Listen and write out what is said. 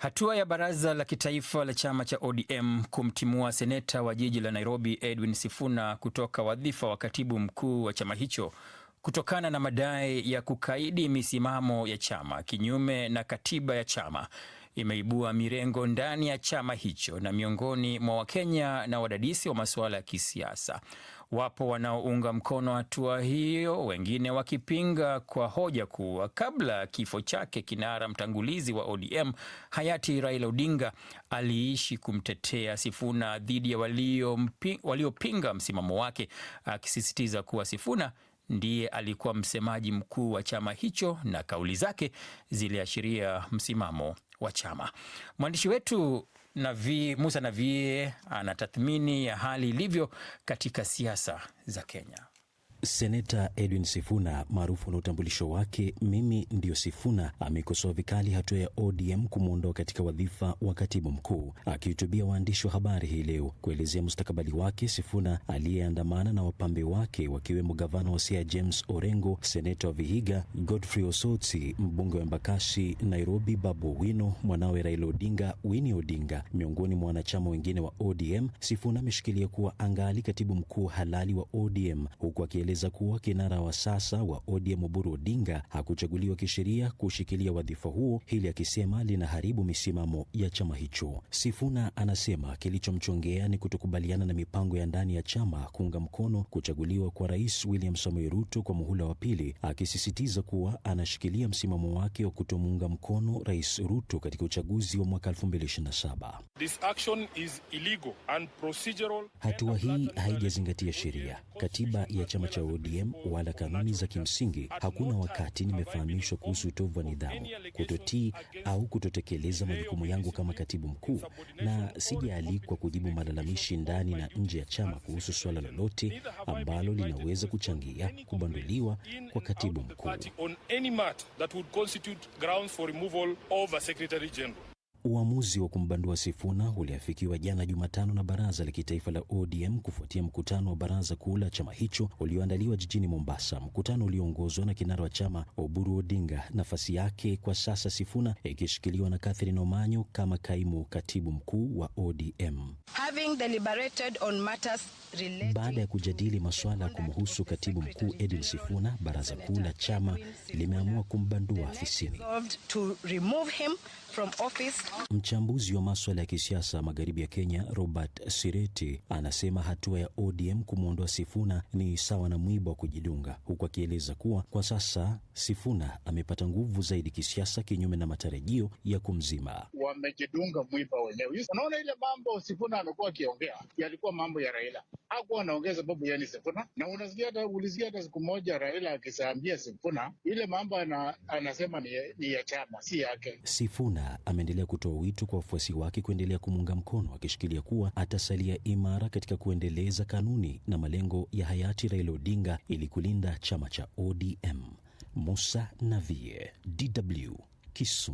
Hatua ya baraza la kitaifa la chama cha ODM kumtimua seneta wa jiji la Nairobi Edwin Sifuna kutoka wadhifa wa katibu mkuu wa chama hicho kutokana na madai ya kukaidi misimamo ya chama kinyume na katiba ya chama imeibua mirengo ndani ya chama hicho na miongoni mwa Wakenya na wadadisi wa masuala ya kisiasa. Wapo wanaounga mkono hatua hiyo, wengine wakipinga kwa hoja kuwa kabla kifo chake kinara mtangulizi wa ODM hayati Raila Odinga aliishi kumtetea Sifuna dhidi ya waliopinga walio msimamo wake, akisisitiza kuwa Sifuna ndiye alikuwa msemaji mkuu wa chama hicho na kauli zake ziliashiria msimamo wa chama. Mwandishi wetu Navi, Musa Navie ana tathmini ya hali ilivyo katika siasa za Kenya. Seneta Edwin Sifuna maarufu na utambulisho wake mimi ndiyo Sifuna amekosoa vikali hatua ya ODM kumwondoa katika wadhifa wa katibu mkuu. Akihutubia waandishi wa habari hii leo kuelezea mustakabali wake, Sifuna aliyeandamana na wapambe wake wakiwemo gavana wa Siaya James Orengo, seneta wa Vihiga Godfrey Osotsi, mbunge wa Embakasi Nairobi Babu Owino, mwanawe Raila Odinga Winnie Odinga, miongoni mwa wanachama wengine wa ODM. Sifuna ameshikilia kuwa angali katibu mkuu halali wa ODM huku akieleza ameeleza kuwa kinara wa sasa wa ODM Oburu Odinga hakuchaguliwa kisheria kushikilia wadhifa huo, hili akisema linaharibu misimamo ya chama hicho. Sifuna anasema kilichomchongea ni kutokubaliana na mipango ya ndani ya chama kuunga mkono kuchaguliwa kwa Rais William Samoei Ruto kwa muhula wa pili, akisisitiza kuwa anashikilia msimamo wake wa kutomuunga mkono Rais Ruto katika uchaguzi wa mwaka 2027. This action is illegal and procedural. Hatua hii haijazingatia sheria, katiba ya chama cha cha ODM wala kanuni za kimsingi. Hakuna wakati nimefahamishwa kuhusu utovu wa nidhamu, kutotii au kutotekeleza majukumu yangu kama katibu mkuu, na sijaalikwa kujibu malalamishi ndani na nje ya chama kuhusu suala lolote ambalo linaweza kuchangia kubanduliwa kwa katibu mkuu. Uamuzi wa kumbandua Sifuna uliafikiwa jana Jumatano na baraza la kitaifa la ODM kufuatia mkutano wa baraza kuu la chama hicho ulioandaliwa jijini Mombasa, mkutano ulioongozwa na kinara wa chama Oburu Odinga. Nafasi yake kwa sasa Sifuna ikishikiliwa na Catherine Omanyo kama kaimu katibu mkuu wa ODM. Having deliberated on matters baada ya kujadili masuala kumhusu katibu mkuu edin Sifuna, baraza kuu la chama limeamua kumbandua afisini from office. Mchambuzi wa maswala ya kisiasa magharibi ya Kenya Robert Sireti anasema hatua ya ODM kumwondoa Sifuna ni sawa na mwiba wa kujidunga, huku akieleza kuwa kwa sasa Sifuna amepata nguvu zaidi kisiasa, kinyume na matarajio ya kumzima. Wamejidunga mwiba wenyewe. Unaona ile mambo Sifuna amekuwa akiongea yalikuwa mambo ya Raila, hakuwa anaongea sababu yani Sifuna na unasikia, ulisikia hata siku moja Raila akisaambia Sifuna ile mambo ana, anasema ni, ni ya chama si yake Sifuna China ameendelea kutoa wito kwa wafuasi wake kuendelea kumuunga mkono, akishikilia kuwa atasalia imara katika kuendeleza kanuni na malengo ya hayati Raila Odinga ili kulinda chama cha ODM. Musa Navie, DW, Kisumu.